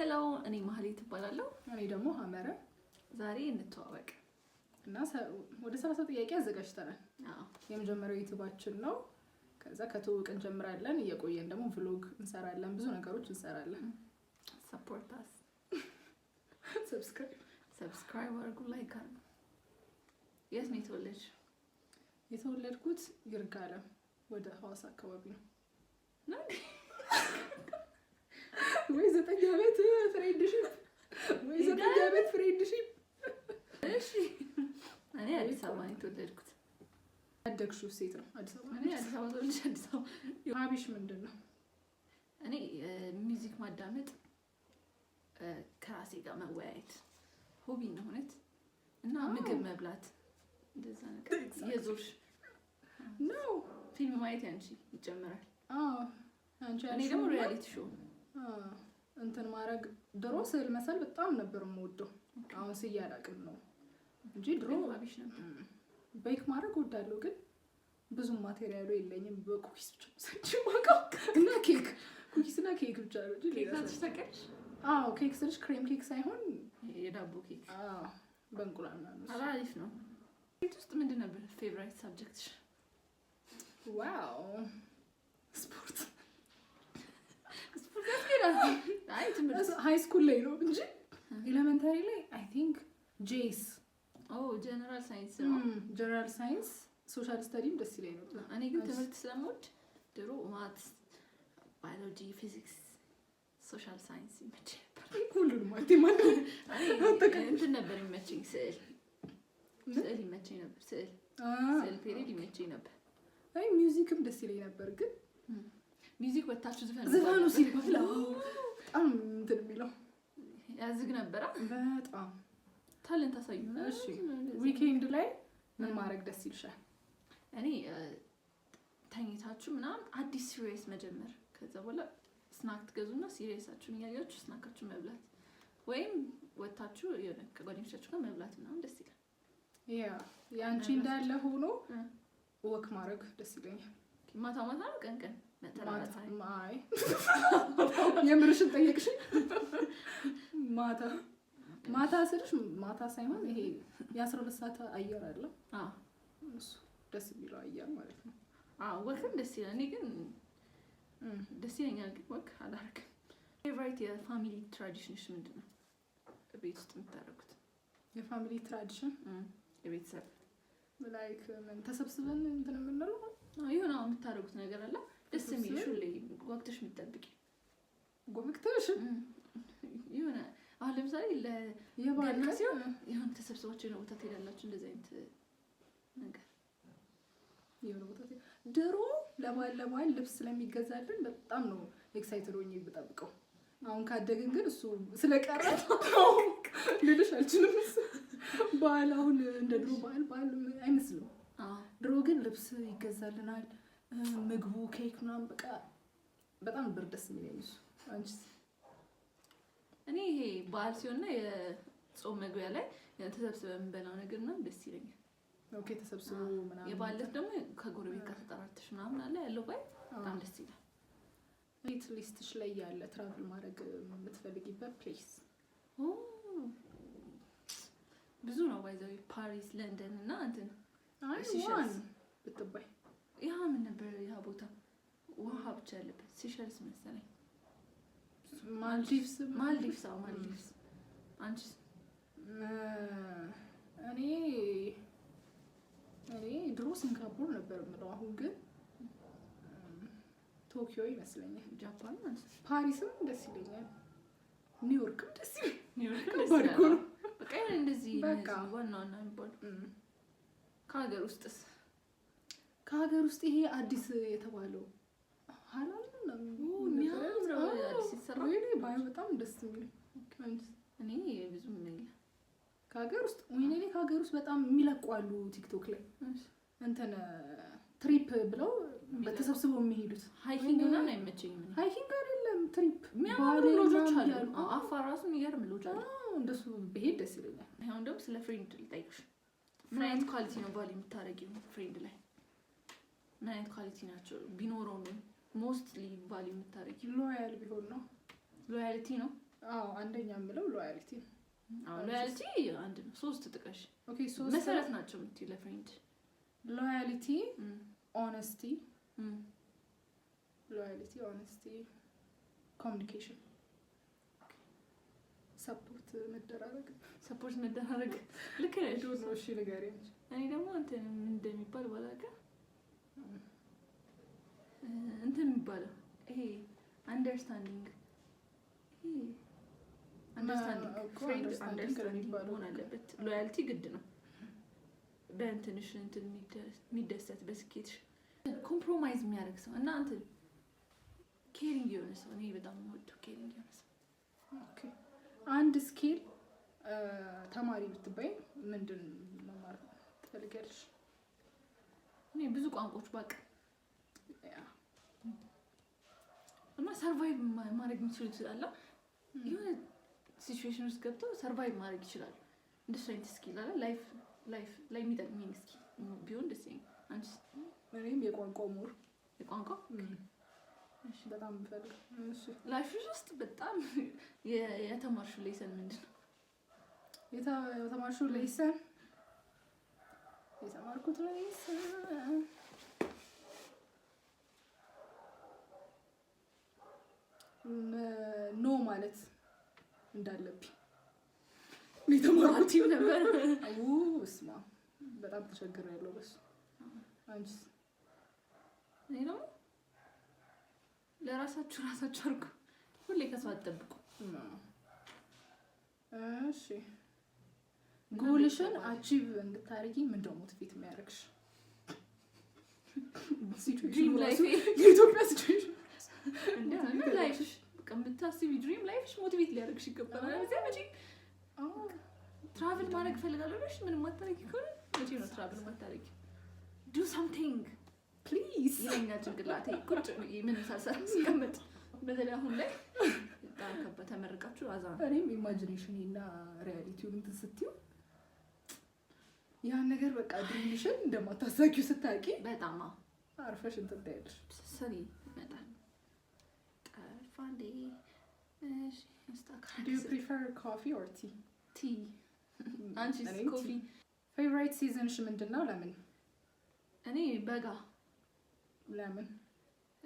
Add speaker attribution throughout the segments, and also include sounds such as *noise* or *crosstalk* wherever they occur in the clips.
Speaker 1: ሄሎ እኔ ማህሌት እባላለሁ።
Speaker 2: እኔ ደግሞ ሀመረ።
Speaker 1: ዛሬ እንተዋወቅ
Speaker 2: እና ወደ ሰላሳ ጥያቄ አዘጋጅተናል። የመጀመሪያው ዩቲዩባችን ነው። ከዛ ከትውውቅ እንጀምራለን። እየቆየን ደግሞ ቭሎግ እንሰራለን፣ ብዙ ነገሮች እንሰራለን።
Speaker 1: ሰፖርት አስ፣
Speaker 2: *laughs*
Speaker 1: ሰብስክራይብ አድርጉ፣ ላይክ አድርጉ። የት ነው የተወለድሽ?
Speaker 2: የተወለድኩት ይርጋለም ወደ ሐዋሳ አካባቢ ነው። *laughs* ወይ ዘጠኝ ዓመት ፍሬንድሺፕ ወይ ዘጠኝ ዓመት ፍሬንድሺፕ።
Speaker 1: እሺ እኔ አዲስ አበባ ነው የተወለድኩት።
Speaker 2: ያደግሽው ሴት ነው አዲስ አበባ።
Speaker 1: እኔ አዲስ አበባ ተወልጄ አዲስ አበባ።
Speaker 2: ሀቢሽ ምንድን ነው?
Speaker 1: እኔ ሚውዚክ ማዳመጥ ከራሴ ጋር መወያየት ሆቢ ነው እውነት። እና ምግብ መብላት እንደዛ ነገር የዞርሽ ነው። ፊልም ማየት ያንቺ ይጨምራል። እኔ ደግሞ ሪያሊቲ ሾው
Speaker 2: እንትን ማድረግ ድሮ ስዕል መሳል በጣም ነበር የምወደው። አሁን ስዬ አላቅም ነው እንጂ ድሮ ቤክ ማድረግ እወዳለሁ፣ ግን ብዙ ማቴሪያሉ የለኝም። በኩኪስ ብቻ ሰች ማቀው እና ኬክ ኩኪስ እና ኬክ ብቻ ነው
Speaker 1: እንጂ
Speaker 2: አዎ ኬክ ስልሽ ክሬም ኬክ ሳይሆን የዳቦ ኬክ በእንቁላል
Speaker 1: ምናምን። አሪፍ ነው። ቤት ውስጥ ምንድን ነበር ፌቨራይት ሳብጀክትሽ?
Speaker 2: ዋው ስፖርት ሃይስኩል ላይ ነው እንጂ ኤሌመንታሪ ላይ አይ ቲንክ ጄስ
Speaker 1: ጀነራል ሳይንስ
Speaker 2: ነው። ጀነራል ሳይንስ ሶሻል ስተዲም ደስ ይለኝ ነበር።
Speaker 1: እኔ ግን ትምህርት ስለምወድ ድሮ ባዮሎጂ፣ ፊዚክስ፣ ሶሻል ሳይንስ
Speaker 2: እንትን
Speaker 1: ነበር ስዕል ስዕል ይመቸኝ ነበር። ስዕል ስዕል ፔሪድ ይመቸኝ ነበር።
Speaker 2: አይ ሚውዚክም ደስ ይለኝ ነበር ግን
Speaker 1: ሚዚክ በታችሁ ዝፈን ዝፈኑ ሲባል
Speaker 2: በጣም እንትን የሚለው
Speaker 1: ያዝግ ነበረ። በጣም ታለንት አሳዩ።
Speaker 2: እሺ ዊኬንድ ላይ ምን ማድረግ ደስ ይልሻል?
Speaker 1: እኔ ተኝታችሁ ምናምን አዲስ ሲሪየስ መጀመር፣ ከዛ በኋላ ስናክ ትገዙና ሲሪየሳችሁን እያያችሁ ስናካችሁ መብላት ወይም ወታችሁ የሆነ ከጓደኞቻችሁ ጋር መብላት ምናምን ደስ ይላል።
Speaker 2: ያ የአንቺ እንዳለ ሆኖ ወክ ማድረግ ደስ ይለኛል።
Speaker 1: ማታ ማታ ነው ቀን ቀን መጠላላት? አይ
Speaker 2: *laughs* የምርሽን ጠየቅሽ? *laughs* ማታ ማታ ስልሽ ማታ ሳይሆን ይሄ የአስራ ሁለት ሰዓት አየር አለ። እሱ ደስ የሚለው አየር ማለት ነው።
Speaker 1: ወክም ደስ ይላል። እኔ ግን ደስ ይለኛል፣ ግን ወክ አላደርግም። ፌቨሪት የፋሚሊ ትራዲሽንሽ ምንድን ነው?
Speaker 2: ቤት ውስጥ የምታደርጉት የፋሚሊ ትራዲሽን የቤተሰብ ላይክ ምን ተሰብስበን እንትን የምንለው
Speaker 1: የሆነ የምታደርጉት ነገር አለ ደስ የሚል ሹሌ ወቅትሽ የምትጠብቂ ጎምክተሽ የሆነ አሁን ለምሳሌ ለየባና ሲሆን የሆነ ተሰብስባችሁ የሆነ ቦታ ትሄዳላችሁ። እንደዚህ አይነት ነገር
Speaker 2: የሆነ ቦታ ድሮ ለባል ለባል ልብስ ስለሚገዛልን በጣም ነው ኤክሳይትድ ሆኜ የምጠብቀው። አሁን ካደግን ግን እሱ ስለቀረ ልልሽ አልችልም። ባል አሁን እንደ ድሮ ባል ባል አይመስልም። ድሮ ግን ልብስ ይገዛልናል፣ ምግቡ፣ ኬክ ምናምን በቃ በጣም ብር ደስ የሚል እሱ። አንቺስ?
Speaker 1: እኔ ይሄ በዓል ሲሆንና የጾም መግቢያ ላይ ተሰብስበን የምንበላው ነገር ምናምን ደስ ይለኛል። ኦኬ ተሰብስቦ ምናምን የበዓል ዕለት ደግሞ ከጎረቤት ጋር ተጠራርተሽ ምናምን አለ ያለው ባይ በጣም ደስ ይላል።
Speaker 2: ቤት ሊስትሽ ላይ ያለ ትራቭል ማድረግ የምትፈልጊበት ፕሌስ?
Speaker 1: ብዙ ነው ባይዘ ፓሪስ፣ ለንደን እና እንትን
Speaker 2: ዋን ብትባይ
Speaker 1: ያ ምን ነበር ያ ቦታ ውሃ ብቻ ያለበት ሲሸልስ መሰለኝ። ማልዲቭስ ማልዲቭስ፣ አዎ ማልዲቭስ። አንቺስ?
Speaker 2: እኔ እኔ ድሮ ሲንጋፖር ነበር የምለው፣ አሁን ግን ቶኪዮ ይመስለኛል።
Speaker 1: ጃፓን ማለት
Speaker 2: ፓሪስም ደስ ይለኛል፣ ኒውዮርክም ደስ ይለኛል።
Speaker 1: ኒውዮርክ ደስ ይለኛል። በቃ እንደዚህ በቃ ዋና ዋና የሚባሉ ከሀገር ውስጥስ?
Speaker 2: ከሀገር ውስጥ ይሄ አዲስ የተባለው ሀላል በጣም ደስ የሚል
Speaker 1: እኔ ብዙም
Speaker 2: ከሀገር ውስጥ ወይኔ ከሀገር ውስጥ በጣም የሚለቁ አሉ ቲክቶክ ላይ እንትን ትሪፕ ብለው በተሰብስበው የሚሄዱት
Speaker 1: ሀይኪንግ ምናምን አይመቸኝም።
Speaker 2: ሃይኪንግ አይደለም ትሪፕ የሚያምሩ
Speaker 1: ሎጆች አሉ። አፋ ራሱ የሚገርም
Speaker 2: ሎጅ አለ። እንደሱ ብሄድ ደስ ይለኛል።
Speaker 1: ሁን ደግሞ ስለ ፍሬንድ ልጠይቅሽ ምን አይነት ኳሊቲ ነው ባል የምታደርጊው ፍሬንድ ላይ? ምን አይነት ኳሊቲ ናቸው ቢኖረው ነው ሞስትሊ ባል የምታደርጊው?
Speaker 2: ሎያል ቢሆን ነው። ሎያልቲ ነው። አዎ አንደኛ የምለው ሎያልቲ ነው።
Speaker 1: አዎ ሎያልቲ አንድ ነው። ሶስት ጥቀሽ። ኦኬ ሶስት መሰረት ናቸው የምትይ ለፍሬንድ
Speaker 2: ሎያልቲ፣ ኦነስቲ፣ ሎያልቲ፣ ኦነስቲ፣ ኮሚኒኬሽን፣ ሰፖርት መደራረግ
Speaker 1: ሰፖርት መደራረግ ልክ ነሽ። እሺ ንገሪኝ። እኔ ደግሞ እንትን እንደሚባል ባላውቅም እንትን የሚባለው ይሄ አንደርስታንዲንግ አንደርስታንዲንግ አለበት። ሎያልቲ ግድ ነው። በእንትንሽ እንትን የሚደሰት በስኬትሽ ኮምፕሮማይዝ የሚያደርግ ሰው እና እንትን ኬሪንግ የሆነ ሰው እኔ በጣም የምወደው ኬሪንግ የሆነ ሰው
Speaker 2: አንድ ስኪል ተማሪ ብትባይ ምንድን መማር ትፈልጊያለሽ?
Speaker 1: እኔ ብዙ ቋንቋዎች ባቅ እና ሰርቫይቭ ማድረግ የሚችሉ ይችላለ የሆነ ሲቹዌሽን ውስጥ ገብቶ ሰርቫይቭ ማድረግ ይችላል። እንደሱ አይነት እስኪል አለ ላይፍ ላይፍ ላይ የሚጠቅመኝ እስኪ ቢሆን ደስ ይለኛል። አንቺስ?
Speaker 2: እኔም የቋንቋ ሙር የቋንቋ በጣም ፈልግ
Speaker 1: ላይፍ ውስጥ በጣም የተማርሽው ሌሰን ምንድን ነው?
Speaker 2: የተማርሽው ለይሰን የተማርኩት ለይሰን ኖ ማለት እንዳለብኝ የተማርኩት ነበር። ስማ በጣም በሱ አንቺስ?
Speaker 1: እኔ ደግሞ ለራሳችሁ ራሳችሁ አድርጉ። ሁሌ ከሰው አትጠብቁ።
Speaker 2: እሺ ጎልሽን አቺቭ እንድታደርጊ ምንድነው ሞቲቬት የሚያደርግሽ? የኢትዮጵያ
Speaker 1: ብታስቢ ድሪም ላይፍሽ ሞቲቬት ሊያደርግሽ ይገባል። ትራቭል ማድረግ እፈልጋለሁ ብለሽ ምንም አታደርጊ ከሆነ መቼ ነው ትራቭል ማታደርጊ? ዱ ሳምቲንግ ፕሊዝ ይለኛል ጭንቅላቴ ቁጭ ምን ሳልሰራ ሲቀመጥ በተለይ አሁን ላይ በጣም ከበተ መርቃችሁ አዛ
Speaker 2: እኔም ኢማጂኔሽን እና ሪያሊቲውን እንትን ስትይው ያ ነገር በቃ ድሪምሽን እንደማታሳኪው ስታቂ በጣም አርፈሽ እንትን ታያለሽ።
Speaker 1: ስሪ ይመጣል።
Speaker 2: ፌቨራይት ሲዝንሽ ምንድን ነው? ለምን? እኔ በጋ። ለምን?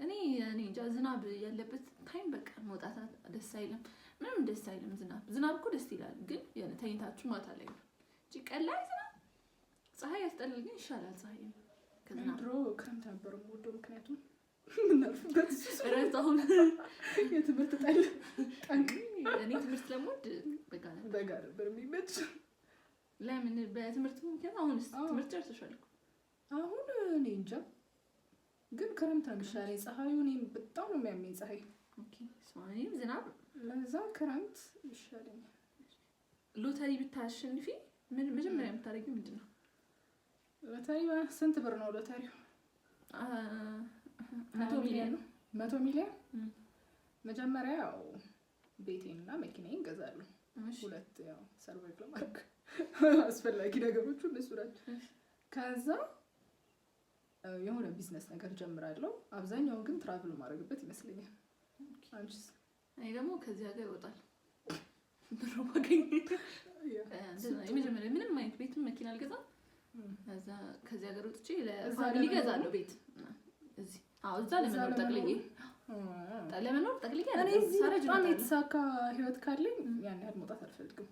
Speaker 1: እኔ እኔ እንጃ። ዝናብ ያለበት ታይም በቃ መውጣት ደስ አይልም። ምንም ደስ አይልም። ዝናብ ዝናብ እኮ ደስ ይላል፣ ግን ተኝታችሁ ማታ ላይ ጭቀላይ ዝናብ ፀሐይ ያስጠላል፣ ግን ይሻላል። ፀሐይ
Speaker 2: ድሮ ክረምት ነበር ወዶ ምክንያቱም ምናርፍበት የትምህርት ጠል
Speaker 1: ጠንቅ እኔ ትምህርት ለመወድ
Speaker 2: በጋ ነበር የሚመች
Speaker 1: ለምን በትምህርት ምክንያት አሁን ትምህርት ጨርሰሻል?
Speaker 2: አሁን እኔ እንጃ፣ ግን ክረምት አንሻ ላይ ፀሐዩ እኔም በጣም ነው የሚያመኝ ፀሐይ። እኔም ዝናብ ለዛ ክረምት ይሻለኛል።
Speaker 1: ሎተሪ ብታሸንፊ መጀመሪያ የምታደርጊው ምንድን ነው?
Speaker 2: ሎተሪ ስንት ብር ነው ሎተሪው? መቶ ሚሊዮን ነው። መቶ ሚሊዮን መጀመሪያ ያው ቤቴንና መኪናዬን ይገዛሉ። ሁለት ያው ሰርቫይቭ ለማድረግ *laughs* አስፈላጊ ነገሮች እነሱ ናቸው። ከዛ የሆነ ቢዝነስ ነገር ጀምራለሁ። አብዛኛውን ግን ትራቭል ማድረግበት ይመስለኛል። አንቺስ?
Speaker 1: እኔ ደግሞ ከዚህ ሀገር ይወጣል ብሮ ማገኘ *laughs* የመጀመሪያ ምንም አይነት ቤትም መኪና አልገዛም ከዚህ ሀገር ውጥቼ ለፋሚሊ ገዛለሁ ቤት እዚህ እዛ ለመኖር ጠቅልዬ ለመኖር ጠቅልዬ
Speaker 2: የተሳካ ህይወት ካለኝ ያን ያህል መውጣት አልፈልግም።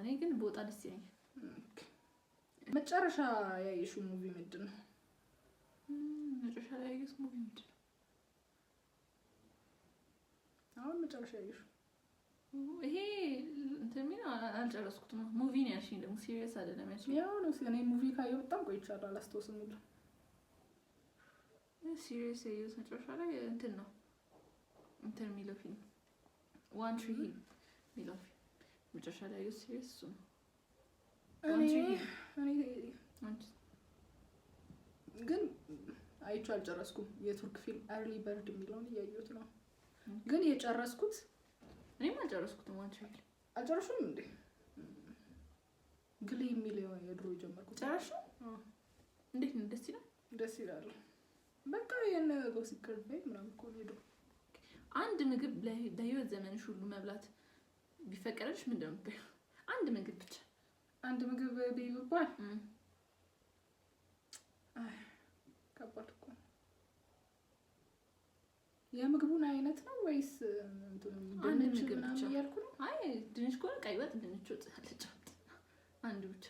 Speaker 1: እኔ ግን በወጣ ደስ
Speaker 2: ይለኛል። መጨረሻ ያየሽው ሙቪ ምንድን ነው?
Speaker 1: መጨረሻ ላይ ያየሽው ሙቪ ምንድን ነው?
Speaker 2: አሁን መጨረሻ ያየሽው
Speaker 1: ይሄ እንትሚን አልጨረስኩት ነው። ሙቪ ያልሽኝ፣ ደግሞ ሲሪየስ አይደለም ያልሽኝ።
Speaker 2: ያው ነው እኔ ሙቪ ካየሁ በጣም ቆይቻለሁ፣ አላስታውስም
Speaker 1: ሁሉ ሲሪየስ ያየሁት መጨረሻ ላይ እንትን ነው እንትን የሚለው ፊልም ዋን ትሪ ሂል የሚለው ፊልም መጨረሻ ላይ ያየሁት ሲሪየስ እሱ ነው።
Speaker 2: ግን አይቼው አልጨረስኩም። የቱርክ ፊልም አርሊ በርድ የሚለውን እያየሁት ነው፣ ግን የጨረስኩት
Speaker 1: እኔም አልጨረስኩትም። አንቺ
Speaker 2: አልጨረስሽም እንዴ? ግሌ የሚል የድሮ ጀመርኩት።
Speaker 1: ጨረሽ? እንዴት ነው? ደስ ይላል።
Speaker 2: ደስ ይላል። በቃ የነ ጎሲፕ ገርል ላይ ምናምን እኮ ነው።
Speaker 1: አንድ ምግብ ለህይወት ዘመንሽ ሁሉ መብላት ቢፈቀደልሽ ምንድን ነው? አንድ ምግብ ብቻ
Speaker 2: አንድ ምግብ ቢባል ከባድ የምግቡን አይነት ነው ወይስ ድንች
Speaker 1: እያልኩ ነው? አይ ድንች ከሆነ ቀይ ወጥ፣ ድንች ወጥ፣ አልጫ ወጥ አንድ ብቻ።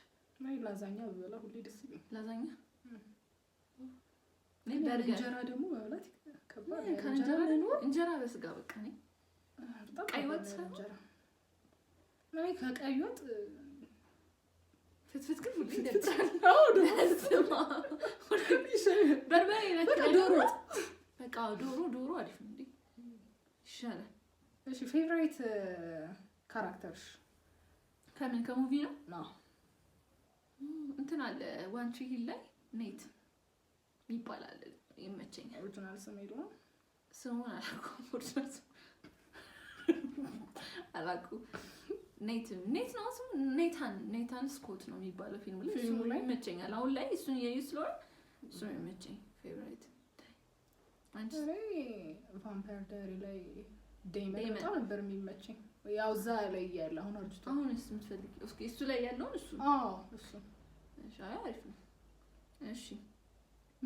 Speaker 2: አይ ላዛኛ ብበላ ሁሌ ደስ ይለኛል። ላዛኛ እንጀራ ደግሞ መብላት ከባድ
Speaker 1: ከእንጀራ እንጀራ በስጋ በቃ እኔ ቀይ ወጥ
Speaker 2: እንጀራ አይ ከቀይ ወጥ
Speaker 1: ፍትፍት ግን ሁሌ ይደብራል። አዎ ዶሮ በርበሬ ዶሮ በቃ ዶሮ ዶሮ አሪፍ ነው እንዴ? ይሻላል።
Speaker 2: እሺ፣ ፌቨሪት ካራክተርሽ ከምን ከሙቪ ነው?
Speaker 1: እንትን አለ ዋንቺ ሂል ላይ ኔት ይባላል። ይመቸኛል።
Speaker 2: ኦሪጂናል ስም ሄዶ
Speaker 1: ስሙን አላውቀውም። ኦሪጂናል ስም አላውቀውም። ኔት ኔት ነው ስሙ። ኔታን ኔታን ስኮት ነው የሚባለው ፊልም ላይ ይመቸኛል። አሁን ላይ እሱን እያየሁ ስለሆነ እሱ ነው የሚመቸኝ ፌቨሪት
Speaker 2: ቫምፓየር ዳይሪ ላይ ዴመን በጣም ነበር የሚመቸኝ። ያው እዛ ላይ ያለ አሁን አርጅቶ
Speaker 1: አሁን እሱ የምትፈልጊ እሱ ላይ ያለውን እሱ እሱ አሪፍ ነው። እሺ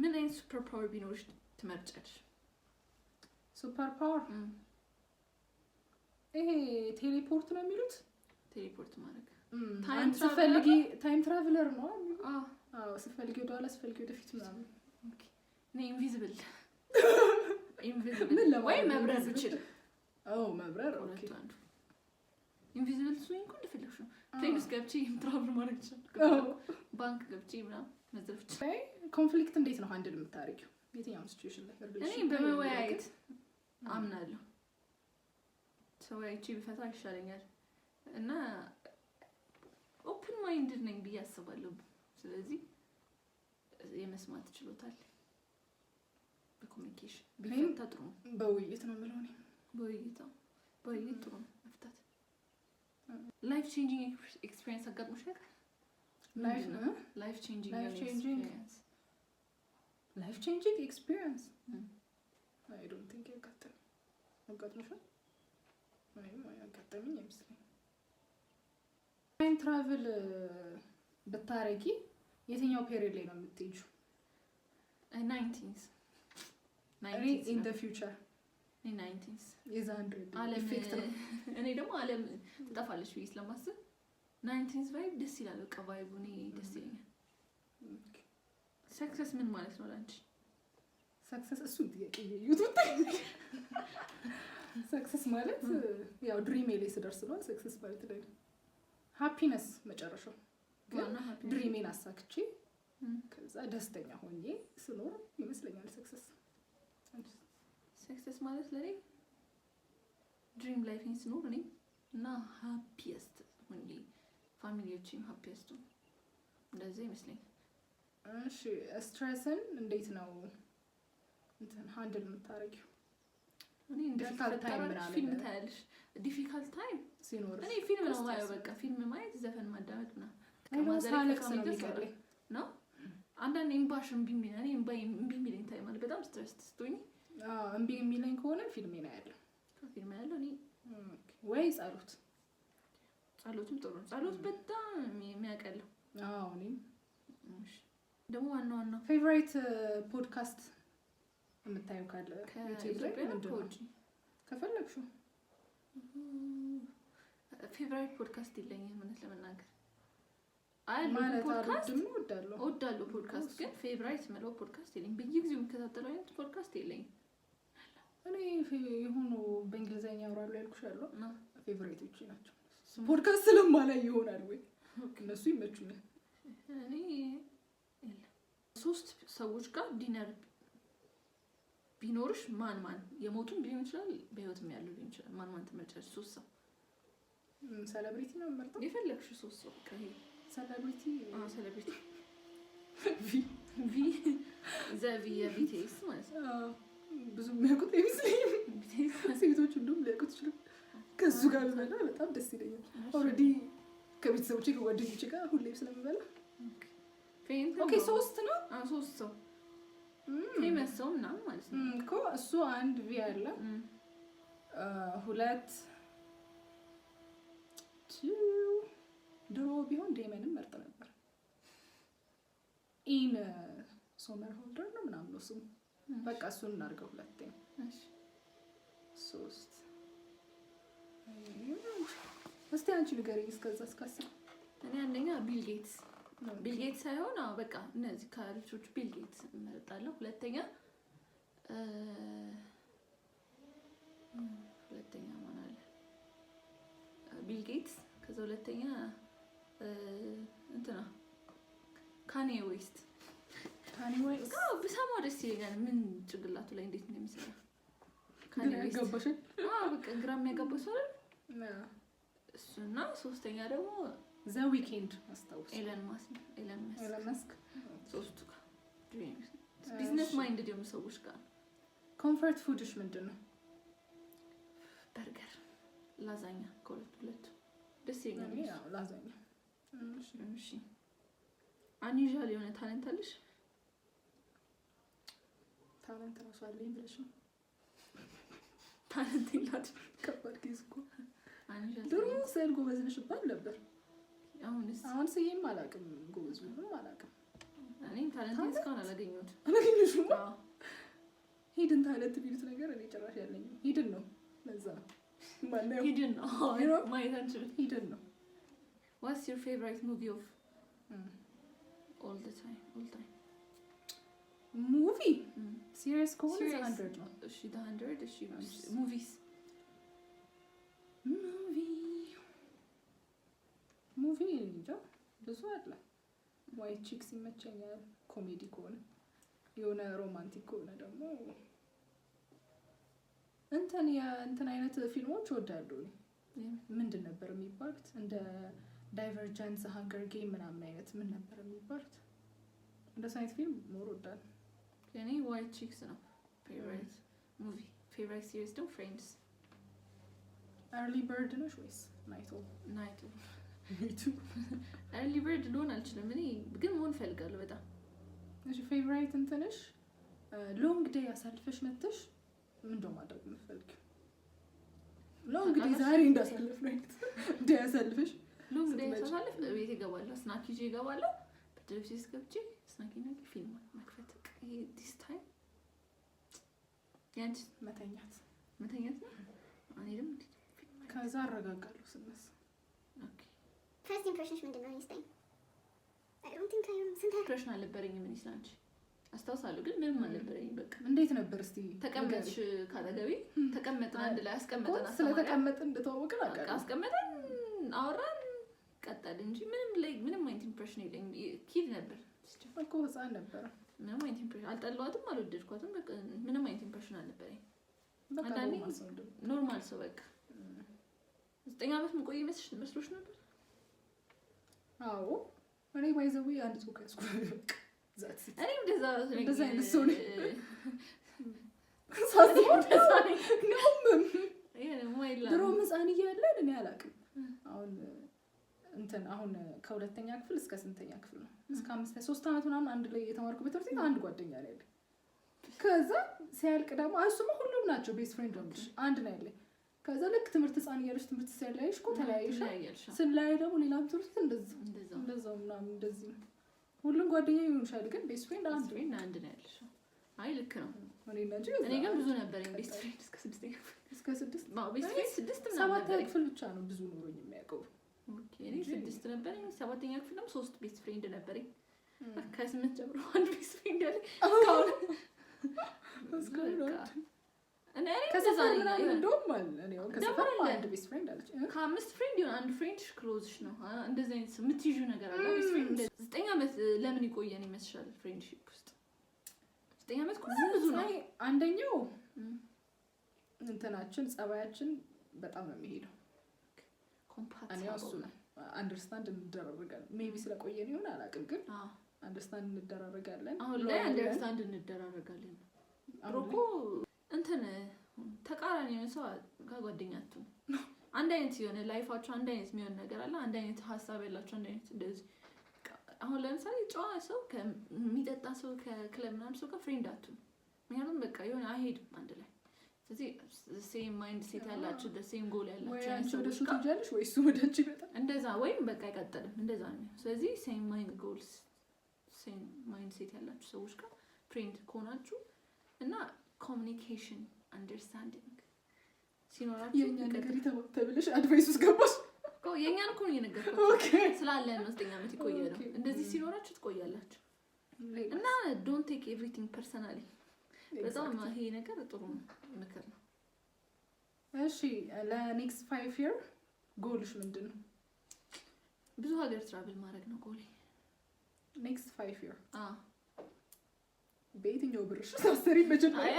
Speaker 1: ምን አይነት ሱፐር ፓወር ቢኖርሽ ትመርጫለሽ?
Speaker 2: ሱፐር ፓወር ይሄ ቴሌፖርት ነው የሚሉት።
Speaker 1: ቴሌፖርት ማድረግ
Speaker 2: ታይም ታይም ትራቭለር ነው። አዎ ወደኋላ ስትፈልጊ ወደፊት ምናምን።
Speaker 1: እኔ ኢንቪዚብል ኢንቪዚብል ወይ መብረር ብችል
Speaker 2: አዎ መብረር ኦኬ
Speaker 1: ኢንቪዚብል ነው። ቴኒስ ገብቼ ትራቭል ማድረግ ይችላል። ባንክ ገብቼ ምናምን መዝረፍ ይችላል።
Speaker 2: ኮንፍሊክት እንዴት ነው የምታደርጊው?
Speaker 1: ላይ እኔ በመወያየት አምናለሁ። ተወያይቼ ብፈታ ይሻለኛል እና ኦፕን ማይንድድ ነኝ ብዬ አስባለሁ። ስለዚህ የመስማት ችሎታል በኮሚኒኬሽን ቢፈታ ጥሩ ነው።
Speaker 2: በውይይት ነው የምለው እኔ
Speaker 1: በውይይት በውይይት ጥሩ ነው መፍታት። ላይፍ ቼንጂንግ ኤክስፒሪየንስ አጋጥሞሽ ነገር ላይፍ ቼንጂንግ
Speaker 2: ኤክስፒሪየንስ አይ ዶንት ቲንክ ያጋጠመኝ አጋጥሞሻል? ያጋጠመኝ አይመስለኝም። ታይም ትራቭል ብታረጊ የትኛው ፔሪድ ላይ ነው የምትሄጂው? ናይንቲንስ *laughs*
Speaker 1: እኔ ደግሞ አለም ትጠፋለች ብዬ ስለማስብ ናይንቲንስ ቫይብ ደስ ይላል። በቃ ቫይቡ እኔ ደስ mm-hmm. ይለኛል። ሰክሰስ ምን ማለት ነው ለአንቺ?
Speaker 2: ሰክሰስ እሱን ጥያቄ እየዩት ሰክሰስ ማለት mm. ያው ድሪሜ ላይ ስደርስ ነው። ሰክሰስ ማለት ላይ መጨረሻው ድሪሜን አሳክቼ mm. ከዛ ደስተኛ ሆኜ ስኖር ይመስለኛል ሰክሰስ
Speaker 1: ሰክሰስ ማለት ለእኔ ድሪም ላይፌን ስኖር እኔ እና ሀፒየስት ሁኔ ፋሚሊዎችም ሀፒየስቱ እንደዚህ ይመስለኛል።
Speaker 2: እሺ ስትረስን እንዴት ነው እንትን ሃንድል የምታደርጊው?
Speaker 1: እኔ ዲፊካልት ታያለሽ፣ ዲፊካልት ታይም ሲኖር እኔ ፊልም ነው የማየው። በቃ ፊልም ማየት፣ ዘፈን ማዳመጥ ምናምን ከማዘር ከሰው አንዳንድ ኤምባሽ እምቢ እኔ ኤምባ እምቢ የሚለኝ ታይም አለ። በጣም ስትረስ ትስቶኝ
Speaker 2: እምቢ የሚለኝ ከሆነ ፊልሜ ነው ያለው ፊልሜ ያለው እኔ ወይ ጸሎት፣
Speaker 1: ጸሎትም ጥሩ ነው። ጸሎት በጣም የሚያቀለው እኔም ደግሞ ዋና ዋና
Speaker 2: ፌቨራይት ፖድካስት የምታየው ካለ ከፈለግሽው
Speaker 1: ፌቨራይት ፖድካስት የለኝም እውነት ለመናገር እወዳለሁ ፖድካስት ግን ፌቨራይት የምለው ፖድካስት የለኝም። በየጊዜው የምከታተለው አይነት ፖድካስት የለኝም።
Speaker 2: እኔ የሆኑ በእንግሊዝኛ ያወራሉ ያልኩሽ ያለው ፌቨራይቶች ናቸው። ፖድካስት ስለማላይ ይሆናል ወይ እነሱ ይመቹኛል።
Speaker 1: እኔ ሶስት ሰዎች ጋር ዲነር ቢኖርሽ ማን ማን የሞቱም ሊሆን ይችላል በህይወትም ያለው ሊሆን ይችላል ማን ማን ትመርጫለሽ? ሶስት ሰው
Speaker 2: ሴሌብሪቲ ነው የምመርጠው።
Speaker 1: የፈለግሽ ሶስት ሰው ሰለብሪቲ ሰለብሪቲ ቪ ቪ ዘ ማለት
Speaker 2: ነው። ብዙ የሚያውቁት አይመስለኝም። ሴቶች እንደውም ሊያውቁት ይችላል። ከዙ ጋር ብበላ በጣም ደስ ይለኛል። ኦልሬዲ ከቤተሰቦቼ ከጓደኞቼ ጋር ሁሌም ስለምበላ
Speaker 1: ሶስት ነው ሶስት ሰው ፌመስ ሰው ምናምን ማለት
Speaker 2: ነው እኮ እሱ አንድ ቪ አለ ሁለት ድሮ ቢሆን ዴመንም መርጥ ነበር። ኢን ሶመር ሆልደር ነው ምናምን ነው ስሙ። በቃ እሱን እናድርገው። ሁለቴ ሶስት። እስቲ አንቺ ንገሪኝ እስከዛ እስካስብ
Speaker 1: እኔ አንደኛ ቢልጌትስ ጌትስ ሳይሆን አዎ በቃ እነዚህ ካሪቾቹ ቢል ጌትስ እመርጣለሁ። ሁለተኛ ሁለተኛ ማን አለ? ቢል ከዛ ሁለተኛ እንትና ካኔ ዌስት ብሰማው ደስ ይለኛል። ምን ጭንቅላቱ ላይ እንዴት ነው የሚሰራ? ግራ የሚያገባ ሰው ሶስተኛ ደግሞ ዘ ዊኬንድ ቢዝነስ የሆኑ ሰዎች ጋር።
Speaker 2: ፉድሽ ምንድን ነው?
Speaker 1: በርገር፣ ላዛኛ። ሁለቱ ደስ
Speaker 2: ይለኛል ላዛኛ
Speaker 1: እሺ አኒዣል የሆነ ታለንት አለሽ?
Speaker 2: ታለንት ራሱ አለኝ ብለሽ ነው። ታለንት ይላት ከባድ እኮ ድሮ ስዕል ጎበዝ ነሽ ይባል ነበር። አሁንስ አሁን ስዬም አላውቅም ጎበዝ ምንም አላውቅም።
Speaker 1: ታለንት እስካሁን
Speaker 2: አላገኘሽም? ሂድን ታለንት ቢሉት ነገር እኔ ጭራሽ ያለኝ ሂድን ነው። ለዛ
Speaker 1: ሂድን ነው ማየት አንችልም። ሂድን ነው What's your favorite movie of mm. all the time? All time.
Speaker 2: ሙቪ ሲሪየስ ከሆነ ሀንድረድ ነው።
Speaker 1: እሺ ሀንድረድ እሺ። ሙቪስ
Speaker 2: ሙቪ ሙቪ እንጃ ብዙ አለ። ዋይት ቺክስ ይመቸኛል፣ ኮሜዲ ከሆነ የሆነ ሮማንቲክ ከሆነ ደግሞ እንትን የእንትን አይነት ፊልሞች እወዳለሁ። ምንድን ነበር የሚባሉት እንደ ዳይቨርጀንስ ሀንገር ጌም ምናምን አይነት ምን ነበር የሚባሉት? እንደሱ አይነት ፊልም ሞር ወዳል።
Speaker 1: እኔ ዋይት ቺክስ ነው ፌቨሪት ሙቪ። ፌቨሪት ሲሪስ ደግሞ ፍሬንድስ።
Speaker 2: ኤርሊ በርድ ነሽ ወይስ ናይቶ?
Speaker 1: ናይቶ ኤርሊ በርድ ልሆን አልችልም እኔ ግን መሆን እፈልጋለሁ በጣም።
Speaker 2: እሺ ፌቨሪት እንትንሽ ሎንግ ዴይ አሳልፈሽ መጥተሽ ምንድን ማድረግ የምትፈልጊው? ሎንግ ዴይ ዛሬ እንዳሳልፍ ነው ዴይ አሳልፈሽ
Speaker 1: ሉንግ ዴይ ሳሳልፍ ቤት እገባለሁ፣ ስናክ ይዤ እገባለሁ። ብርድ ልብስ ስናክ ናክ ፊልም መክፈት ዲስ ታይም ያንቺ መተኛት መተኛት ነው። እኔ
Speaker 2: ደግሞ ከዛ አረጋጋለሁ ስነሳ።
Speaker 1: ፈርስት ኢምፕሬሽንሽ ምንድን ነው? ይስጠኝ ኢምፕሬሽን አልነበረኝም። ምን ይስላንቺ አስታውሳለሁ ግን ምንም አልነበረኝም። በቃ
Speaker 2: እንዴት ነበር? እስቲ
Speaker 1: ተቀመጥሽ ካጠገቤ ተቀመጥን፣ አንድ ላይ አስቀመጠን።
Speaker 2: ስለተቀመጥን እንደተዋወቅን
Speaker 1: አስቀመጠን፣ አወራን ቀጠል እንጂ ምንም ላይ ምንም አይነት ኢምፕሬሽን የለኝም። ኪድ ነበር
Speaker 2: እኮ ህፃን ነበረ።
Speaker 1: ምንም አይነት ኢምፕሬሽን አልጠለዋትም፣ አልወደድኳትም። በቃ ምንም አይነት ኢምፕሬሽን አልነበረኝ። አንዳንዴ ኖርማል ሰው በቃ ዘጠኝ ዓመት መቆየ መስሎች ነበር።
Speaker 2: አዎ እኔ ባይዘዊ አንድ ሰው ከያዝኩ እኔ እንደዛ እንደዛ አይነት ሰው ነኝ *laughs* ድሮም ህፃን እያለን እኔ አላውቅም አሁን እንትን አሁን ከሁለተኛ ክፍል እስከ ስንተኛ ክፍል ነው? እስከ አምስት ሶስት አመት ምናምን አንድ ላይ የተማርኩ ትምህርት አንድ ጓደኛ ላይ ያለኝ። ከዛ ሲያልቅ ደግሞ እሱማ ሁሉም ናቸው ቤስት ፍሬንድ ሆንሽ አንድ ነው ያለኝ። ከዛ ልክ ትምህርት ህፃን እያለች ትምህርት ሲያለያይሽ እኮ ተለያይሽ። ስለያይ ደግሞ ሌላ ትምህርት እንደዚህ እንደዛው ምናምን እንደዚህ ሁሉም ጓደኛ ይሆንሻል፣ ግን ቤስት ፍሬንድ
Speaker 1: አንድ ነው አንድ ነው ያለሽ። አይ ልክ ነው። እኔ ግን ብዙ ነበረኝ ቤስት ፍሬንድ እስከ ስድስት እስከ ስድስት ቤስት ፍሬንድ
Speaker 2: ስድስት ምናምን ሰባተኛ ክፍል ብቻ ነው ብዙ ኖሮኝ የሚያውቀው
Speaker 1: እኔ ስድስት ነበረኝ። ሰባተኛ ክፍልም ሶስት ቤስት ፍሬንድ ነበረኝ። ከስምንት ጀምሮ አንድ ቤስት ፍሬንድ ከአምስት ፍሬንድ አንድ ፍሬንድ ክሎዝሽ ነው። እንደዚህ አይነት ነገር አለ። ዘጠኝ ዓመት ለምን ይቆየን ውስጥ ዘጠኝ ዓመት ብዙ
Speaker 2: ነው። አንደኛው እንትናችን ጸባያችን በጣም ነው የሚሄደው አንደርስታንድ እንደራረጋለን። ሜይ ቢ ስለቆየን ይሆን አላውቅም፣ ግን አንደርስታንድ እንደራረጋለን።
Speaker 1: አሁን ላይ አንደርስታንድ እንደራረጋለን። ሮኮ እንትን ተቃራኒ የሆነ ሰው ከጓደኛችሁ አንድ አይነት የሆነ ላይፋችሁ አንድ አይነት የሚሆን ነገር አለ። አንድ አይነት ሀሳብ ያላችሁ አንድ አይነት እንደዚህ አሁን ለምሳሌ ጨዋ ሰው ከሚጠጣ ሰው ከክለብ ምናምን ሰው ጋር ፍሬንድ አትሁን። ምክንያቱም በቃ የሆነ አይሄድም አንድ ላይ ስለዚህ ሴም ማይንድ ሴት ያላችሁ ሴም ጎል ያላችሁ ወደ እሱ ትሄጃለሽ ወይ እሱ ወደ አንቺ ይመጣል። እንደዛ ወይም በቃ አይቀጥልም፣ እንደዛ ነው። ስለዚህ ሴም ማይንድ ጎልስ ሴም ማይንድ ሴት ያላችሁ ሰዎች ጋር ፕሪንት ከሆናችሁ እና ኮሚኒኬሽን አንደርስታንዲንግ
Speaker 2: ሲኖራችሁ የእኛ ነገር ተብለሽ አድቫይስ ውስጥ ገባሽ።
Speaker 1: የእኛን እኮ ነው ስላለን ዓመት ነው። እንደዚህ ሲኖራችሁ ትቆያላችሁ እና ዶንት ቴክ ኤቭሪቲንግ ፐርሰናሊ በጣም ይሄ ነገር ጥሩ ምክር ነው።
Speaker 2: እሺ ለኔክስት ፋይቭ ይር ጎልሽ ምንድን ነው?
Speaker 1: ብዙ ሀገር ትራቭል ማድረግ ነው ጎሌ።
Speaker 2: ኔክስት ፋይቭ ይር በየትኛው ብርሽ ሳሰሪ
Speaker 1: መጀመሪያ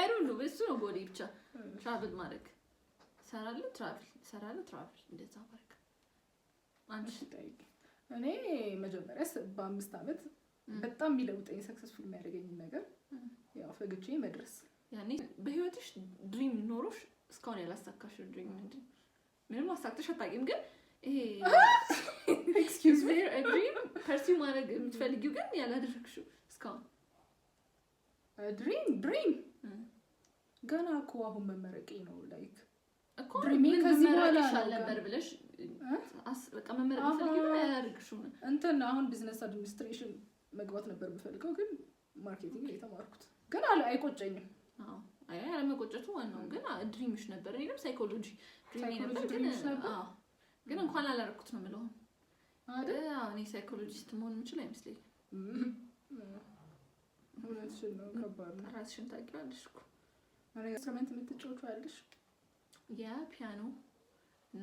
Speaker 1: እሱ ነው ጎሌ። ብቻ ትራቭል ማድረግ እሰራለሁ፣ ትራቭል ትራቭል እንደዛ ማድረግ። አንቺ ጠይቂ።
Speaker 2: እኔ መጀመሪያ በአምስት አመት በጣም የሚለውጠኝ ሰክሰስፉል የሚያደርገኝ ነገር ያው ፈግቼ መድረስ
Speaker 1: ያኔ በህይወትሽ ድሪም ኖሮሽ እስካሁን ያላሳካሽ ድሪም ምንድን ምንም አሳክተሽ አታውቂም ግን ድሪም ፐርሲው *laughs* ማድረግ የምትፈልጊው ግን ያላደረግሽው እስካሁን
Speaker 2: ድሪም uh, ድሪም ገና እኮ አሁን መመረቄ ነው ላይክ እንትን አሁን ቢዝነስ አድሚኒስትሬሽን መግባት ነበር የምፈልገው ግን ማርኬቲንግ የተማርኩት ግን አይቆጨኝም።
Speaker 1: አለመቆጨቱ ዋናው ግን ድሪምሽ ነበር። እኔም ሳይኮሎጂ ግን እንኳን አላረኩት ነው የምለው። እኔ ሳይኮሎጂስት መሆን የምችል አይመስለኝም።
Speaker 2: ራስሽን ታውቂዋለሽ እኮ ስንት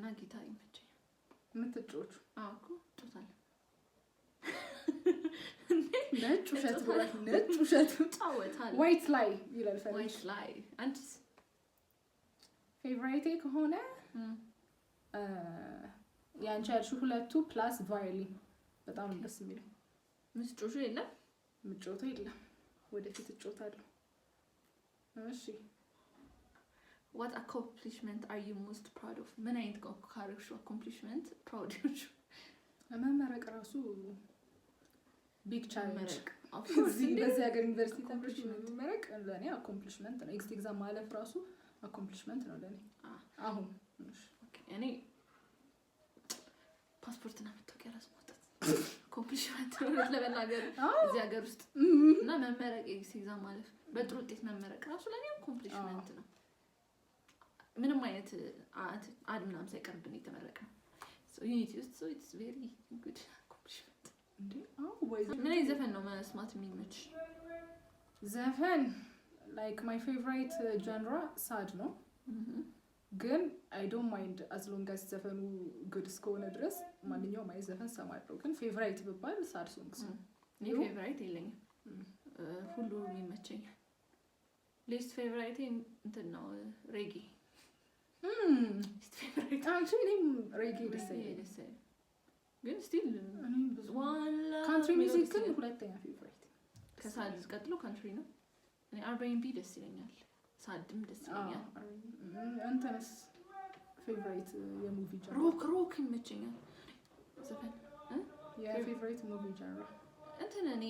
Speaker 1: እና ጊታር ይመቸኛል። የምትጫወቹ ጮታለ
Speaker 2: ነጭ ውሸት ነጭ ውሸት ዋይት ላይ ይላል።
Speaker 1: ዋይት ላይ አንቺስ
Speaker 2: ፌቨራይቴ ከሆነ የአንቺ ያልሽው ሁለቱ ፕላስ ቫዮሊን በጣም ደስ የሚለው።
Speaker 1: ምስጮሹ የለም
Speaker 2: ምጮቱ የለም። ወደፊት እጮታለሁ። እሺ
Speaker 1: ዋት አኮምፕሊሽመንት አር ዩ ሞስት ፕራውድ ኦፍ? ምን አይነት ካሪሽ አኮምፕሊሽመንት ፕራውድ
Speaker 2: መመረቅ ራሱ ቢግ ቻሌንጅ *laughs* እዚህ በዚህ ሀገር ዩኒቨርሲቲ ተምረሽ መመረቅ ለእኔ አኮምፕሊሽመንት ነው። ኤክስት ኤግዛም ማለፍ ራሱ አኮምፕሊሽመንት ነው ለእኔ። ah. አሁን
Speaker 1: እኔ ፓስፖርትና መታወቂያ ራሱ ማውጣት ኮምፕሊሽመንት ነው ለመናገር እዚህ ሀገር ውስጥ *laughs* እና መመረቅ፣ ኤክስት ኤግዛም ማለፍ፣ በጥሩ ውጤት መመረቅ ራሱ ለእኔ አኮምፕሊሽመንት ነው። ምንም አይነት አድ ምናምን ሳይቀርብን የተመረቅ ነው ዩኒቲ ውስጥ ሶ ኢትስ ቬሪ ጉድ ምን አይነት ዘፈን ነው መስማት የሚመች?
Speaker 2: ዘፈን ላይክ ማይ ፌቨራይት ጀንራ ሳድ ነው፣ ግን አይ ዶንት ማይንድ አዝ ሎንግ አስ ዘፈኑ ግድ እስከሆነ ድረስ ማንኛውም አይ ዘፈን ሰማለሁ። ግን ፌቨራይት ብባል ሳድ ሶንግስ ነው።
Speaker 1: እኔ ፌቨራይት የለኝም፣ ሁሉ ይመቸኛል። ሌስት ፌቨራይቴ እንትን ነው ሬጌ።
Speaker 2: አንቺ እኔም ሬጌ ደስ ይለኛል። ግን ስቲል ካንትሪ ሚዚክ ግን ሁለተኛ
Speaker 1: ከሳድ ቀጥሎ ካንትሪ ነው። እኔ አርቤንቢ ደስ ይለኛል፣ ሳድም ደስ ይለኛል።
Speaker 2: አንተስ ፌቨሪት የሙቪ
Speaker 1: ሮክ ሮክ ይመቸኛል
Speaker 2: ዘፈን ሙቪ ጀራ
Speaker 1: እንትን እኔ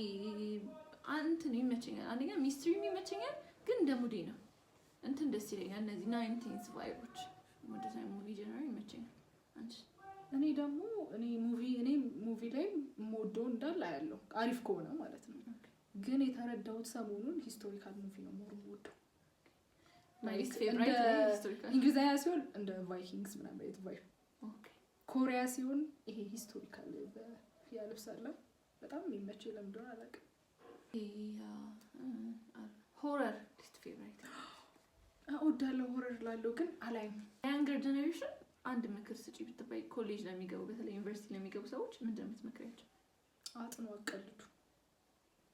Speaker 1: እንትን ይመቸኛል። አንደኛ ሚስትሪም ይመቸኛል፣ ግን እንደ ሙዴ ነው። እንትን ደስ ይለኛል። እነዚህ ናይንቲንስ ቫይቦች ወደ ጀነራል ጀነራ ይመቸኛል። አንቺ
Speaker 2: እኔ ደግሞ እኔ ሙቪ እኔ ሙቪ ላይ ሞዶ እንዳል አያለው አሪፍ ከሆነ ማለት ነው። ግን የተረዳሁት ሰሞኑን ሂስቶሪካል ሙቪ ነው ሞር ሞዶ እንግሊዝኛ ሲሆን እንደ ቫይኪንግስ ምናምን አይነት ቫይ ኮሪያ ሲሆን ይሄ ሂስቶሪካል ያለብሳለ በጣም የሚመቸው ለምንድነው አላቅ
Speaker 1: ሆረር ሊስት ፌቨራይት
Speaker 2: *gasps* እወዳለሁ። ሆረር ላለው ግን አላይም
Speaker 1: ያንገር ጀኔሬሽን አንድ ምክር ስጪ ብትባይ ኮሌጅ ለሚገቡ በተለይ ዩኒቨርሲቲ ለሚገቡ ሰዎች ምንድን ነው የምትመክሪያቸው?
Speaker 2: አጥኖ አቀልዱ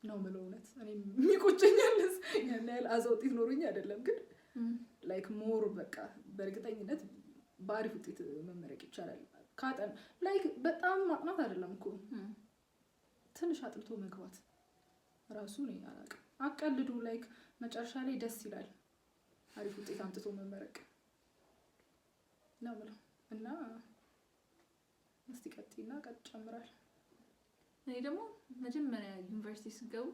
Speaker 2: ነው ምለው እውነት እኔ የሚቆጨኛለስ ያን ያህል አዛ ውጤት ኖሮኝ አይደለም፣ ግን ላይክ ሞር በቃ በእርግጠኝነት በአሪፍ ውጤት መመረቅ ይቻላል። ካጠን ላይክ በጣም ማጥናት አይደለም እኮ ትንሽ አጥንቶ መግባት ራሱ ነው። አቀልዱ ላይክ መጨረሻ ላይ ደስ ይላል አሪፍ ውጤት አምጥቶ መመረቅ ነው ብለው እና እስቲ ቀጥይና ቀጥ ጨምራል።
Speaker 1: እኔ ደግሞ መጀመሪያ ዩኒቨርሲቲ ስገቡ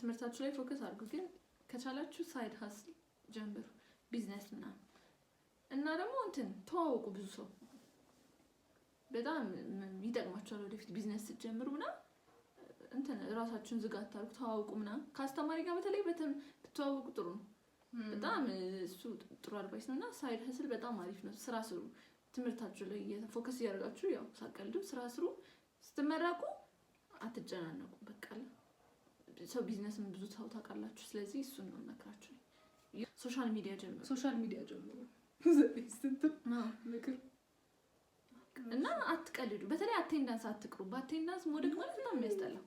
Speaker 1: ትምህርታችሁ ላይ ፎከስ አድርጉ፣ ግን ከቻላችሁ ሳይድ ሀስል ጀምሩ፣ ቢዝነስ ምናምን እና ደግሞ እንትን ተዋወቁ። ብዙ ሰው በጣም ይጠቅማቸዋል ወደፊት ቢዝነስ ስትጀምሩ ና እንትን እራሳችሁን ዝግ አታርጉ፣ ተዋወቁ ምናምን። ከአስተማሪ ጋር በተለይ ብትተዋወቁ ጥሩ ነው። በጣም እሱ ጥሩ አድቫይስ ነው እና ሳይድ ህስል በጣም አሪፍ ነው። ስራ ስሩ፣ ትምህርታችሁ ላይ ፎከስ እያደረጋችሁ ያው ሳቀልዱ ስራ ስሩ። ስትመረቁ አትጨናነቁ። በቃ ሰው ቢዝነስም ብዙ ሰው ታውቃላችሁ። ስለዚህ እሱን ነው መክራችሁ። ሶሻል ሚዲያ ጀምሩ፣
Speaker 2: ሶሻል ሚዲያ ጀምሩ
Speaker 1: እና አትቀልዱ። በተለይ አቴንዳንስ አትቅሩ። በአቴንዳንስ ሞደግ ማለት ነው የሚያስጠላው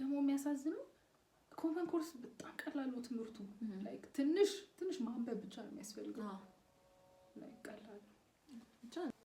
Speaker 1: ደግሞ የሚያሳዝነው
Speaker 2: ኮመን ኮርስ በጣም ቀላል ነው ትምህርቱ። ላይክ ትንሽ ትንሽ ማንበብ ብቻ ነው የሚያስፈልገው። ላይክ ቀላል